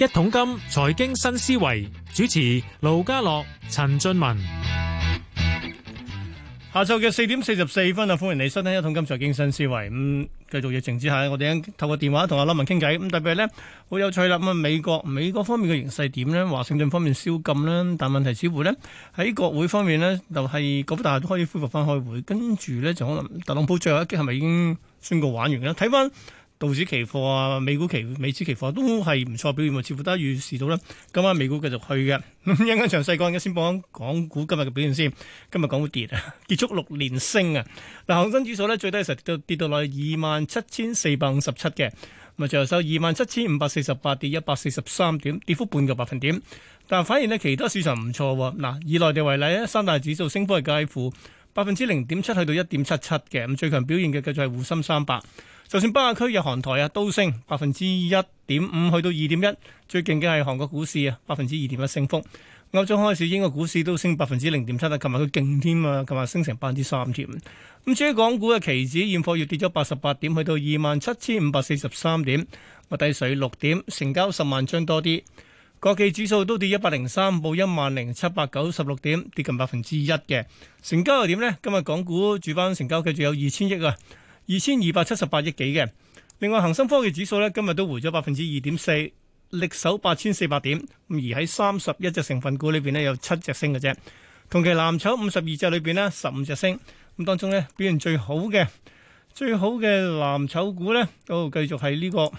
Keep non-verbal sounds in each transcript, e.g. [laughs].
一桶金財經新思維主持盧家樂、陳俊文，下晝嘅四點四十四分啊，歡迎你收聽一桶金財經新思維。咁繼續疫情之下，我哋喺透過電話同阿林文傾偈。咁特別係咧，好有趣啦。咁啊，美國美國方面嘅形勢點咧？華盛頓方面宵禁啦，但係問題似乎咧喺國會方面咧，就係國會大廈開始恢復翻開會。跟住咧就可能特朗普最後一擊係咪已經宣告玩完咧？睇翻。道指期貨啊，美股期美指期貨、啊、都係唔錯表現，似乎都預示到啦。咁啊，美股繼續去嘅。咁一間詳細講嘅先，講港股今日嘅表現先。今日港股跌啊，結束六連升啊。嗱，恒生指數呢，最低時候跌到跌到落去二萬七千四百五十七嘅。咁啊，最後收二萬七千五百四十八，跌一百四十三點，跌幅半個百分點。但係反而呢，其他市場唔錯。嗱，以內地為例咧，三大指數升幅係介乎百分之零點七去到一點七七嘅。咁最強表現嘅繼續係滬深三百。就算北亞區日韓台啊都升百分之一點五去到二點一，最勁嘅係韓國股市啊，百分之二點一升幅。歐洲開市英國股市都升百分之零點七啊，琴日佢勁添啊，琴日升成百分之三添。咁至於港股嘅期指現貨月跌咗八十八點，去到二萬七千五百四十三點，啊，低水六點，成交十萬張多啲。國企指數都跌一百零三，報一萬零七百九十六點，跌近百分之一嘅。成交又點呢？今日港股主板成交繼續有二千億啊。二千二百七十八億幾嘅，另外恒生科技指數咧今日都回咗百分之二點四，力守八千四百點，咁而喺三十一隻成分股裏邊咧有七隻升嘅啫，同期藍籌五十二隻裏邊呢，十五隻升，咁當中咧表現最好嘅最好嘅藍籌股咧，都、哦、繼續喺呢、這個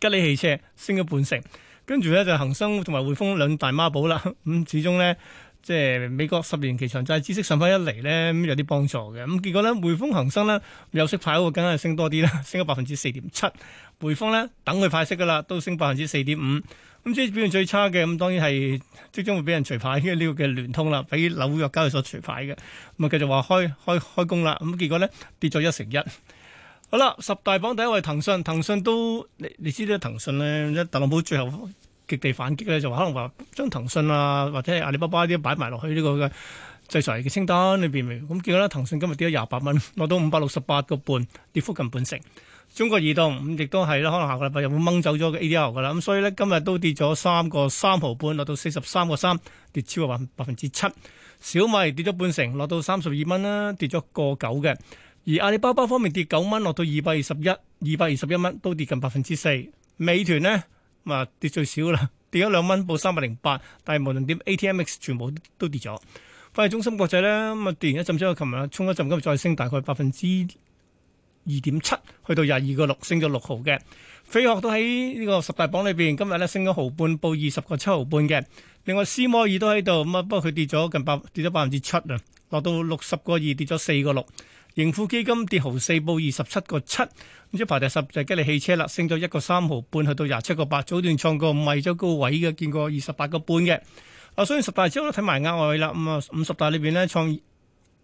吉利汽車升咗半成，跟住咧就恒、是、生同埋匯豐兩大孖寶啦，咁始終咧。即係美國十年期長債、就是、孳息上返一厘嚟咧，咁、嗯、有啲幫助嘅。咁、嗯、結果咧，匯豐恒生咧有息派嗰個梗係升多啲啦， [laughs] 升咗百分之四點七。匯豐咧等佢派息噶啦，都升百分之四點五。咁、嗯、即係表現最差嘅，咁、嗯、當然係即將會俾人除牌嘅呢 [laughs] 個嘅聯通啦，俾紐約交易所除牌嘅。咁、嗯、啊繼續話開開開工啦。咁、嗯、結果咧跌咗一成一。好啦，十大榜第一位騰訊，騰訊都你你知道騰訊咧，特朗普最後。極地反擊咧就話、是、可能話將騰訊啊或者係阿里巴巴啲擺埋落去呢個制裁嘅清單裏邊咁結果咧騰訊今日跌咗廿八蚊，落到五百六十八個半，跌幅近半成。中國移動咁亦都係啦，可能下個禮拜又會掹走咗個 ADR 噶啦，咁所以咧今日都跌咗三個三毫半，落到四十三個三，跌超過百百分之七。小米跌咗半成，落到三十二蚊啦，跌咗個九嘅。而阿里巴巴方面跌九蚊，落到二百二十一二百二十一蚊，都跌近百分之四。美團呢？咁啊跌最少啦，跌咗兩蚊，報三百零八。但係無論點 ATMX，全部都跌咗。反而中心國際咧，咁啊跌完一陣之後，琴日衝一陣，今日再升大概百分之二點七，去到廿二個六，升咗六毫嘅。飛鶴都喺呢個十大榜裏邊，今日咧升咗毫半，報二十個七毫半嘅。另外斯摩爾都喺度咁啊，不過佢跌咗近百跌咗百分之七啊，落到六十個二，跌咗四個六。盈富基金跌毫四，報二十七個七，咁即排第十就吉利汽車啦，升咗一個三毫半，去到廿七個八，早段創個五洲高位嘅，見過二十八個半嘅。啊，所以十大之後都睇埋額外啦，咁啊五十大裏邊咧創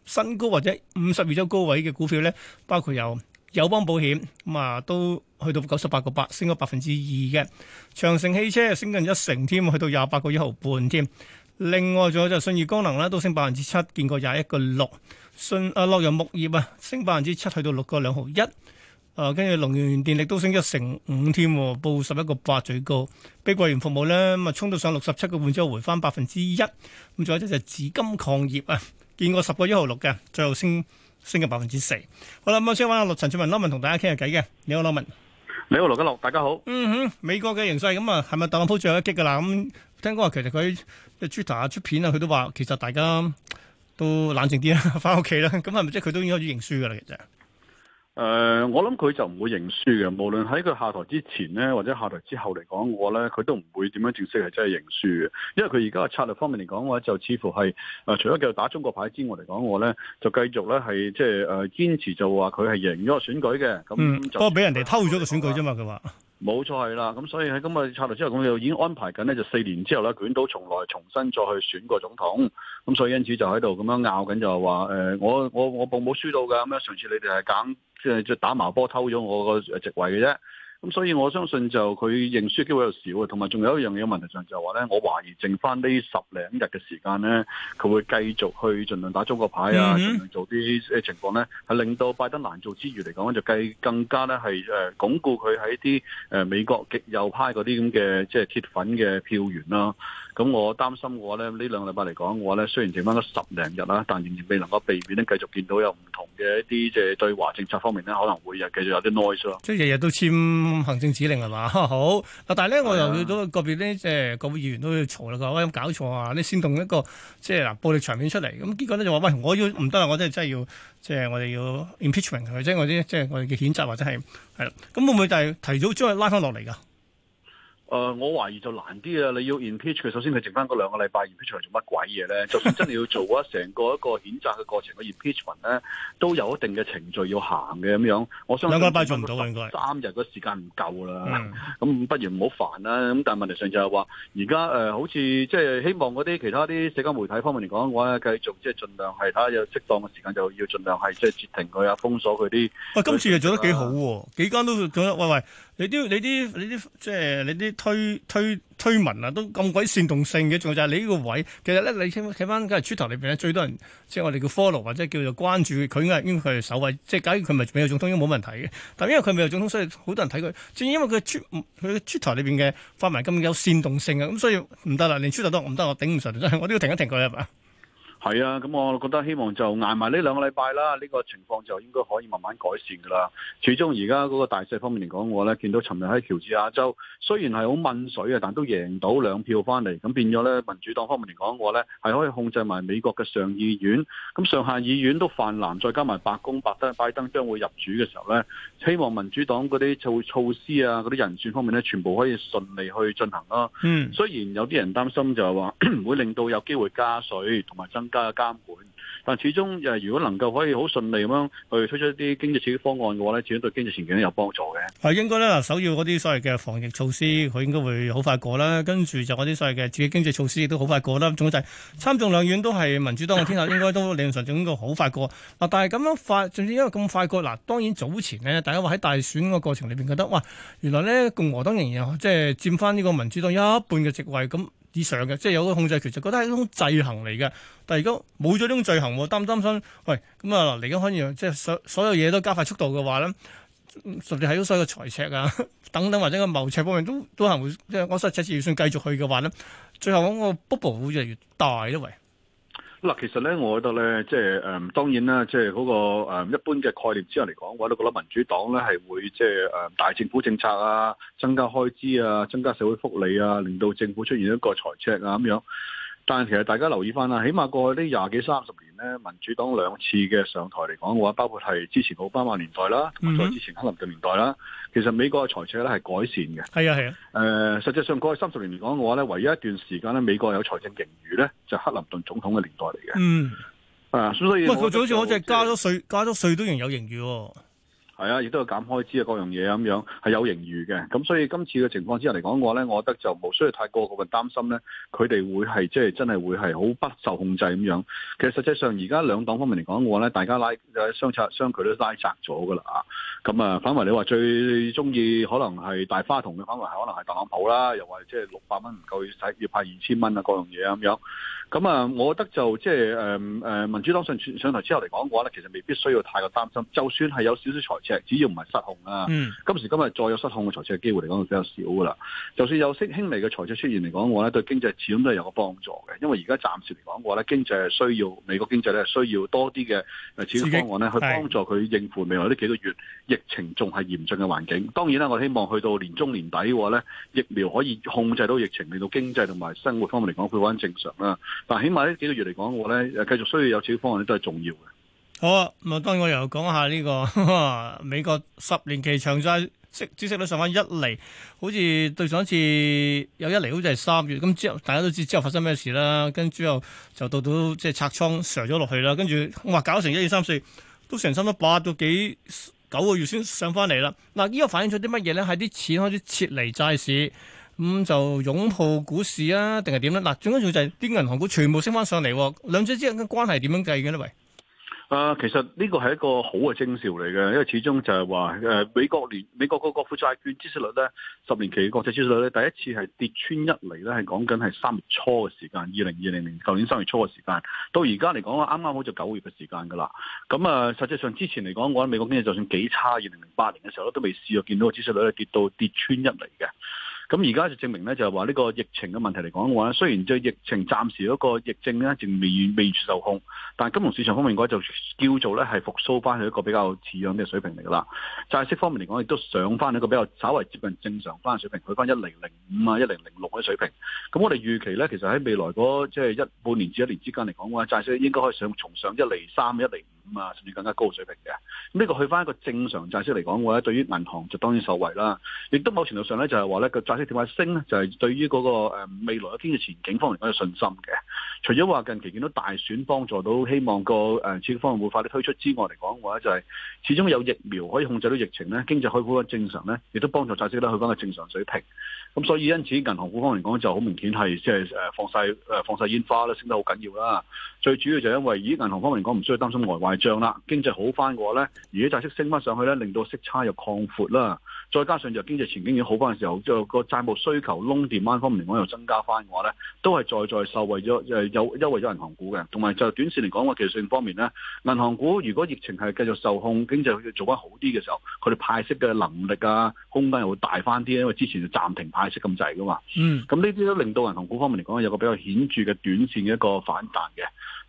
新高或者五十二週高位嘅股票咧，包括有友邦保險，咁啊都去到九十八個八，升咗百分之二嘅。長城汽車升近一成添，去到廿八個一毫半添。另外仲有就信義光能啦，都升百分之七，見過廿一個六。信啊洛陽鉬業啊升百分之七去到六個兩毫一。啊跟住龍源電力都升咗成五添，報十一個八最高。碧桂園服務咧咁啊衝到上六十七個半之後回翻百分之一。咁仲有一隻就紫金礦業啊，見過十個一毫六嘅，最後升升嘅百分之四。好啦，咁我先翻阿陳俊文啦，問同大家傾下偈嘅。你好，劉文。你好，羅家樂，大家好。嗯哼、嗯嗯，美國嘅形勢咁啊，係、嗯、咪特朗普最後一擊噶啦？咁、嗯聽講話其實佢即係出台啊出片啊，佢都話其實大家都冷靜啲啦，翻屋企啦，咁係咪即係佢都已經開始認輸噶啦？其實。誒、呃，我諗佢就唔會認輸嘅，無論喺佢下台之前咧，或者下台之後嚟講嘅話咧，佢都唔會點樣正式係真係認輸嘅，因為佢而家嘅策略方面嚟講嘅話，就似乎係誒、呃，除咗繼續打中國牌之外嚟講，我咧就繼續咧係即係誒堅持就話佢係贏咗個選舉嘅，咁不過俾人哋偷咗個選舉啫嘛，佢話冇錯係啦，咁所以喺今日嘅策略之後，佢又已經安排緊咧，就四年之後咧，卷土重來，重新再去選個總統，咁所以因此就喺度咁樣拗緊就係話誒，我我我部冇輸到噶，咁樣上次你哋係揀。即係打麻波偷咗我個席位嘅啫。咁所以我相信就佢認輸機會又少啊，同埋仲有一樣嘢問題上就係話咧，我懷疑剩翻呢十零日嘅時間咧，佢會繼續去盡量打中國牌啊，盡量做啲誒情況咧，係令到拜登難做之餘嚟講，就計更加咧係誒鞏固佢喺啲誒美國極右派嗰啲咁嘅即係鐵粉嘅票源啦。咁我擔心嘅話咧，呢兩個禮拜嚟講嘅話咧，雖然剩翻咗十零日啦，但仍然未能夠避免咧，繼續見到有唔同嘅一啲即係對華政策方面咧，可能會日繼續有啲 noise 咯。即係日日都簽。行政指令係嘛、啊、好，但係咧、啊、我又去到個別咧，即係國會議員都要嘈啦，話喂、哎、搞錯啊！你煽動一個即係嗱暴力場面出嚟，咁結果咧就話喂我要唔得啊！我真係真係要即係、就是、我哋要 impeachment，、就是就是、或者我啲即係我哋嘅譴責或者係係啦，咁會唔會就係提早將佢拉翻落嚟噶？誒、呃，我懷疑就難啲啊！你要 impeach，佢首先你剩翻嗰兩個禮拜，impeach 嚟做乜鬼嘢咧？ [laughs] 就算真係要做啊，成個一個譴責嘅過程，個 impeach 文咧都有一定嘅程序要行嘅咁樣。我相信兩個禮拜做唔到，有應該該三日個時間唔夠啦。咁、嗯、不如唔好煩啦。咁但係問題上就係話，而家誒好似即係希望嗰啲其他啲社交媒體方面嚟講嘅話，繼、呃、續即係儘量係睇下有適當嘅時間就要儘量係即係截停佢啊，封鎖佢啲。喂，今次又做得幾好喎、啊？幾間都做得喂喂。喂你啲你啲你啲即係你啲推推推文啊，都咁鬼煽動性嘅，仲有就係你呢個位。其實咧，你睇翻緊出頭裏邊最多人即係、就是、我哋叫 follow 或者叫做關注佢，佢應該係首位。即係假如佢唔係美國總統，應該冇問題嘅。但因為佢美國總統，所以好多人睇佢。正因為佢出佢出頭裏邊嘅發文咁有煽動性啊，咁所以唔得啦，連出頭都唔得，我頂唔順，我都要停一停佢啊。係啊，咁我覺得希望就捱埋呢兩個禮拜啦，呢個情況就應該可以慢慢改善㗎喇。始終而家嗰個大勢方面嚟講，我咧見到尋日喺喬治亞州，雖然係好問水啊，但都贏到兩票翻嚟，咁變咗咧民主黨方面嚟講，嘅話咧係可以控制埋美國嘅上議院，咁上下議院都泛藍，再加埋白宮白登拜登將會入主嘅時候咧，希望民主黨嗰啲措措施啊，嗰啲人選方面咧，全部可以順利去進行咯。嗯，雖然有啲人擔心就係話會令到有機會加稅同埋增。加嘅監管，但始終誒，如果能夠可以好順利咁樣去推出一啲經濟處理方案嘅話呢，自然對經濟前景都有幫助嘅。係應該咧，嗱，首要嗰啲所謂嘅防疫措施，佢應該會好快過啦。跟住就嗰啲所謂嘅自己經濟措施亦都好快過啦。總之就係參眾兩院都係民主黨嘅天下， [laughs] 應該都理論上總應該好快過。嗱、啊，但係咁樣快，甚至因為咁快過，嗱、啊，當然早前咧，大家話喺大選嘅過程裏邊覺得，哇，原來呢共和黨仍然即係佔翻呢個民主黨一半嘅席位咁。嗯以上嘅，即係有個控制權，就覺得係一種制衡嚟嘅。但係如果冇咗呢種制衡行，擔唔擔心，喂，咁、嗯、啊，嚟緊可以即係所所有嘢都加快速度嘅話咧、嗯，甚至係都衰個財赤啊，等等或者個貿赤方面都都係會，即係我衰赤字預算繼續去嘅話咧，最後嗰個 bubble 會越嚟越大咯，喂。嗱，其實咧，我覺得咧，即係誒，當然啦，即係嗰個一般嘅概念之下嚟講，我都覺得民主黨咧係會即係誒大政府政策啊，增加開支啊，增加社會福利啊，令到政府出現一個財赤啊咁樣。但係其實大家留意翻啦，起碼過去呢廿幾三十年咧，民主黨兩次嘅上台嚟講嘅話，包括係之前奧巴馬年代啦，同埋再之前克林頓年代啦，其實美國嘅財政咧係改善嘅。係啊係啊，誒、呃，實際上過去三十年嚟講嘅話咧，唯一一段時間咧，美國有財政盈餘咧，就係、是、克林頓總統嘅年代嚟嘅。嗯，啊，所以佢就好似好似加咗稅，加咗稅都仍有盈餘、哦。係啊，亦都有減開支啊，各樣嘢啊咁樣係有盈餘嘅。咁所以今次嘅情況之下嚟講嘅話咧，我覺得就無需要太過過分擔心咧，佢哋會係即係真係會係好不受控制咁樣。其實實際上而家兩黨方面嚟講嘅話咧，大家拉相差相距都拉窄咗㗎啦啊。咁啊，反為你話最中意可能係大花筒嘅反為可能係特朗普啦，又或者係六百蚊唔夠使要派二千蚊啊，各樣嘢啊咁樣。咁啊，我覺得就即係誒誒民主黨上上台之後嚟講嘅話咧，其實未必需要太過擔心。就算係有少少財只要唔係失控啊，嗯、今時今日再有失控嘅財政機會嚟講，就比較少噶啦。就算有些輕微嘅財政出現嚟講嘅話咧，對經濟始終都係有個幫助嘅。因為而家暫時嚟講嘅話咧，經濟係需要美國經濟咧需要多啲嘅、呃、刺激方案咧，去幫助佢應付未來呢幾個月的疫情仲係嚴峻嘅環境。當然啦，我希望去到年中年底嘅話咧，疫苗可以控制到疫情，令到經濟同埋生活方面嚟講，佢穩正，正常啦。但起碼呢幾個月嚟講嘅話咧，繼續需要有刺激方案都係重要嘅。好啊，咁啊，當我又講下呢、呢個美國十年期長債息孳息率上翻一厘，好似對上一次有一厘好似係三月，咁之後大家都知之後發生咩事啦。跟住之後就到到即係拆倉瀉咗落去啦，跟住哇搞成一二三四，都成三蚊八到幾九個月先上翻嚟啦。嗱、啊，依、呢個反映咗啲乜嘢咧？係啲錢開始撤離債市，咁、嗯、就擁抱股市啊，定係點咧？嗱、啊，最緊要就係啲銀行股全部升翻上嚟，兩者之間嘅關係點樣計嘅咧？喂。啊、呃，其實呢個係一個好嘅徵兆嚟嘅，因為始終就係話，誒、呃，美國聯美國個國庫債券孳息率咧，十年期嘅國債孳息率咧，第一次係跌穿一厘咧，係講緊係三月初嘅時間，二零二零年舊年三月初嘅時間，到而家嚟講啱啱好就九月嘅時間噶啦。咁啊、呃，實際上之前嚟講，我諗美國經濟就算幾差，二零零八年嘅時候咧，都未試過見到個孳息率咧跌到跌穿一厘嘅。咁而家就證明咧，就係話呢個疫情嘅問題嚟講嘅話咧，雖然就疫情暫時嗰個疫症咧，仲未未受控，但係金融市場方面講就叫做咧係復甦翻去一個比較似樣嘅水平嚟噶啦。債息方面嚟講，亦都上翻一個比較稍微接近正常翻嘅水平，去翻一零零五啊、一零零六嘅水平。咁我哋預期咧，其實喺未來嗰即係一半年至一年之間嚟講嘅話，債息應該可以上重上一厘三、一厘五啊，甚至更加高水平嘅。呢個去翻一個正常債息嚟講嘅話，對於銀行就當然受惠啦。亦都某程度上咧，就係話咧個債。你話升咧，就係、是、對於嗰、那個誒、嗯、未來嘅經濟前景方面有信心嘅。除咗話近期見到大選幫助到，希望個誒刺激方案會快啲推出之外嚟講嘅話，就係始終有疫苗可以控制到疫情咧，經濟可，可以回復正常咧，亦都幫助債息咧去翻個正常水平。咁所以因此銀行股方面嚟講就好明顯係即係誒放曬誒放曬煙花啦，升得好緊要啦。最主要就係因為咦銀行方面嚟講唔需要擔心呆壞帳啦，經濟好翻嘅話咧，而家債息升翻上去咧，令到息差又擴闊啦。再加上就經濟前景已經好翻嘅時候，就個債務需求 loan demand 方面嚟講又增加翻嘅話咧，都係在在受惠咗，因為有優惠咗銀行股嘅，同埋就短線嚟講嘅技術面方面咧，銀行股如果疫情係繼續受控，經濟要做翻好啲嘅時候，佢哋派息嘅能力啊空間又會大翻啲，因為之前就暫停派息咁滯噶嘛。嗯。咁呢啲都令到銀行股方面嚟講有個比較顯著嘅短線嘅一個反彈嘅，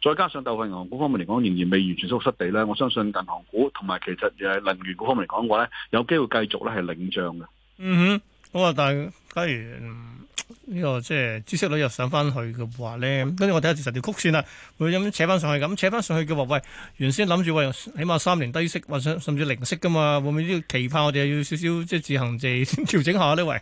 再加上部分銀行股方面嚟講仍然未完全收失地咧，我相信銀行股同埋其實誒能源股方面嚟講嘅話咧，有機會繼續咧係領漲嘅。嗯哼，咁啊，但係假如嗯。這個、呢個即係孳息率又上翻去嘅話咧，跟住我睇下其實條曲線啦，會有冇扯翻上去咁？扯翻上去嘅話，喂，原先諗住喂，起碼三年低息或者甚至零息噶嘛，會唔會呢個期盼我哋又要少少即係自行地 [laughs] 調整下呢位？喂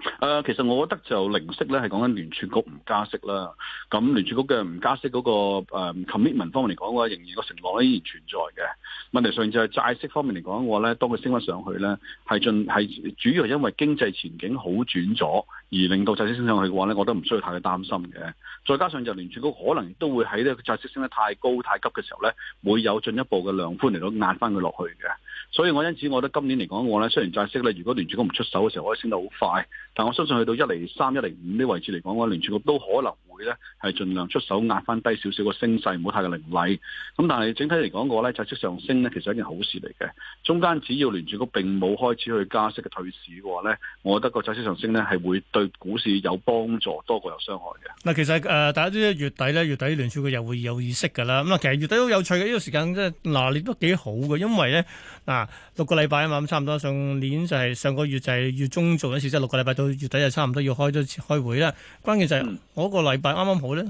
誒、呃，其實我覺得就零息咧，係講緊聯儲局唔加息啦。咁、嗯、聯儲局嘅唔加息嗰、那個誒、呃、commitment 方面嚟講嘅話，仍然個承諾依然存在嘅。問題上就係債息方面嚟講嘅話咧，當佢升翻上去咧，係進係主要係因為經濟前景好轉咗，而令到債息升上去嘅話咧，我都唔需要太去擔心嘅。再加上就聯儲局可能都會喺呢個債息升得太高太急嘅時候咧，會有進一步嘅量寬嚟到壓翻佢落去嘅。所以我因此，我覺得今年嚟講嘅話咧，雖然債息咧，如果聯儲局唔出手嘅時候，可以升得好快。但我相信去到一零三、一零五呢位置嚟講嘅話聯儲局都可能會咧係盡量出手壓翻低少少個升勢，唔好太過凌厲。咁但係整體嚟講嘅話咧，債息上升咧，其實係一件好事嚟嘅。中間只要聯儲局並冇開始去加息嘅退市嘅話咧，我覺得個債息上升咧係會對股市有幫助多過有傷害嘅。嗱，其實誒、呃，大家知道月底咧，月底聯儲局又會有議息㗎啦。咁啊，其實月底都有趣嘅呢、這個時間，即係嗱，亦都幾好嘅，因為咧、呃啊、六個禮拜啊嘛，咁差唔多上年就係上個月就係月中做一次，即係六個禮拜到月底就差唔多要開次開會啦。關鍵就係、是、我、嗯、個禮拜啱啱好咧、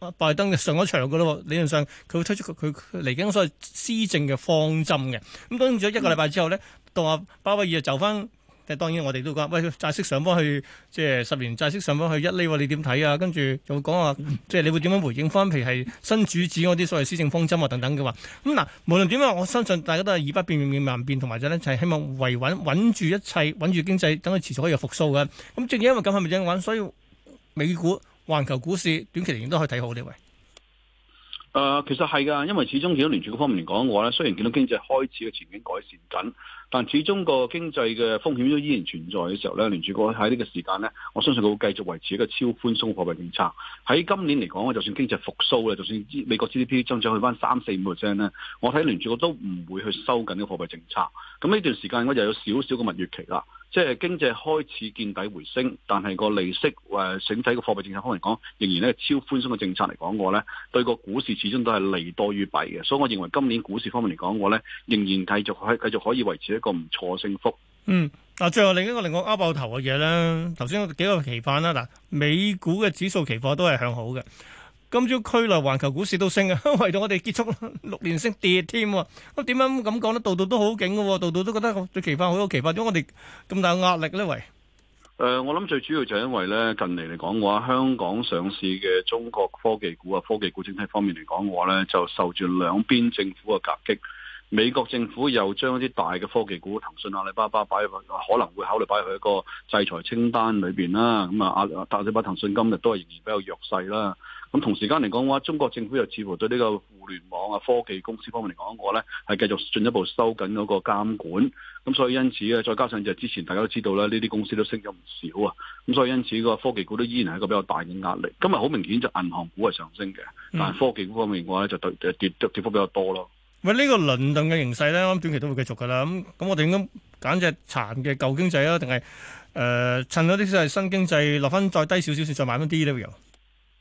啊，拜登上咗場噶、那、咯、個，理論上佢會推出佢嚟緊所謂施政嘅方針嘅。咁跟咗一個禮拜之後咧，嗯、到阿、啊、巴威爾就翻。即係當然，我哋都講，喂，債息上翻去，即係十年債息上翻去一厘，你點睇啊？跟住就會講話，即係你會點樣回應翻？譬如係新主子嗰啲所謂施政方針啊等等嘅話，咁、嗯、嗱，無論點樣，我相信大家都係以不變應萬變，同埋就係希望維穩穩住一切，穩住經濟，等佢持續可以復蘇嘅。咁正因因為咁係咪正穩？所以美股、環球股市短期仍然都可以睇好呢位。誒、呃，其實係噶，因為始終見到聯儲局方面嚟講嘅話咧，雖然見到經濟開始嘅前景改善緊，但始終個經濟嘅風險都依然存在嘅時候咧，聯儲局喺呢個時間咧，我相信佢會繼續維持一個超寬鬆貨幣政策。喺今年嚟講，就算經濟復甦啦，就算美美國 GDP 增長去返三四五 percent 咧，我睇聯儲局都唔會去收緊呢個貨幣政策。咁呢段時間我就有少少個蜜月期啦。即係經濟開始見底回升，但係個利息誒整體嘅貨幣政策方面嚟講，仍然咧超寬鬆嘅政策嚟講，我咧對個股市始終都係利多於弊嘅，所以我認為今年股市方面嚟講，我咧仍然繼續係繼續可以維持一個唔錯升幅。嗯，嗱、啊，最後另一個令我啱爆頭嘅嘢啦，頭先幾個期飯啦，嗱，美股嘅指數期貨都係向好嘅。今朝區內環球股市都升啊，為咗我哋結束六連升跌添喎。咁點樣咁講咧？度度都好勁嘅喎，度度都覺得好奇葩，好有奇葩。點解我哋咁大壓力咧，喂？誒，我諗最主要就係因為咧近嚟嚟講嘅話，香港上市嘅中國科技股啊，科技股整體方面嚟講嘅話咧，就受住兩邊政府嘅夾擊。美國政府又將一啲大嘅科技股，騰訊、阿里巴巴擺入去，可能會考慮擺入去一個制裁清單裏邊啦。咁、嗯、啊，阿里巴巴騰訊今日都係仍然比較弱勢啦。咁、嗯、同時間嚟講嘅話，中國政府又似乎對呢個互聯網啊科技公司方面嚟講嘅話咧，係繼續進一步收緊嗰個監管。咁、嗯、所以因此咧，再加上就之前大家都知道啦，呢啲公司都升咗唔少啊。咁、嗯、所以因此個科技股都依然係一個比較大嘅壓力。今日好明顯就銀行股係上升嘅，但係科技股方面嘅話咧，就跌跌跌幅比較多咯。喂，個輪呢個輪動嘅形勢咧，我諗短期都會繼續噶啦。咁咁，我哋應該揀隻殘嘅舊經濟啊，定係誒趁嗰啲即係新經濟落翻再低少少先，再買翻啲呢個油？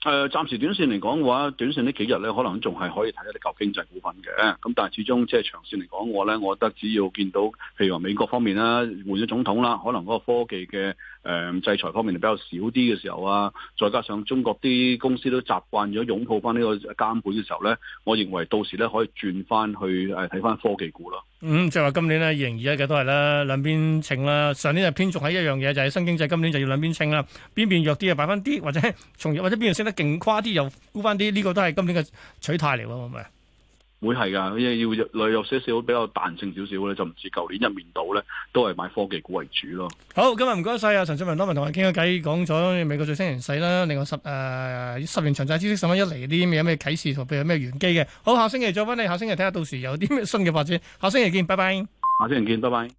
誒、呃，暫時短線嚟講嘅話，短線幾呢幾日咧，可能仲係可以睇一啲舊經濟股份嘅。咁但係始終即係長線嚟講，我咧我覺得只要見到，譬如話美國方面啦，換咗總統啦，可能嗰個科技嘅誒、呃、制裁方面比較少啲嘅時候啊，再加上中國啲公司都習慣咗擁抱翻呢個監管嘅時候咧，我認為到時咧可以轉翻去誒睇翻科技股咯。嗯，即係話今年咧，二零二一嘅都係啦，兩邊秤啦。上年就偏重喺一樣嘢，就係新經濟。今年就要兩邊秤啦，邊邊弱啲就擺翻啲，或者從弱或者邊樣升得勁誇啲又沽翻啲。呢個都係今年嘅取態嚟喎，係咪？會係噶，因為要內有些少少，比較彈性少少咧，就唔似舊年一面倒咧，都係買科技股為主咯。好，今日唔該晒啊，陳俊文多謝同我傾緊偈，講咗美國最新形勢啦。另外十誒、呃、十年長債孳息重上一厘嗰啲，有咩啟示同譬如有咩玄機嘅？好，下星期再翻嚟，下星期睇下到時有啲咩新嘅發展。下星期見，拜拜。下星期見，拜拜。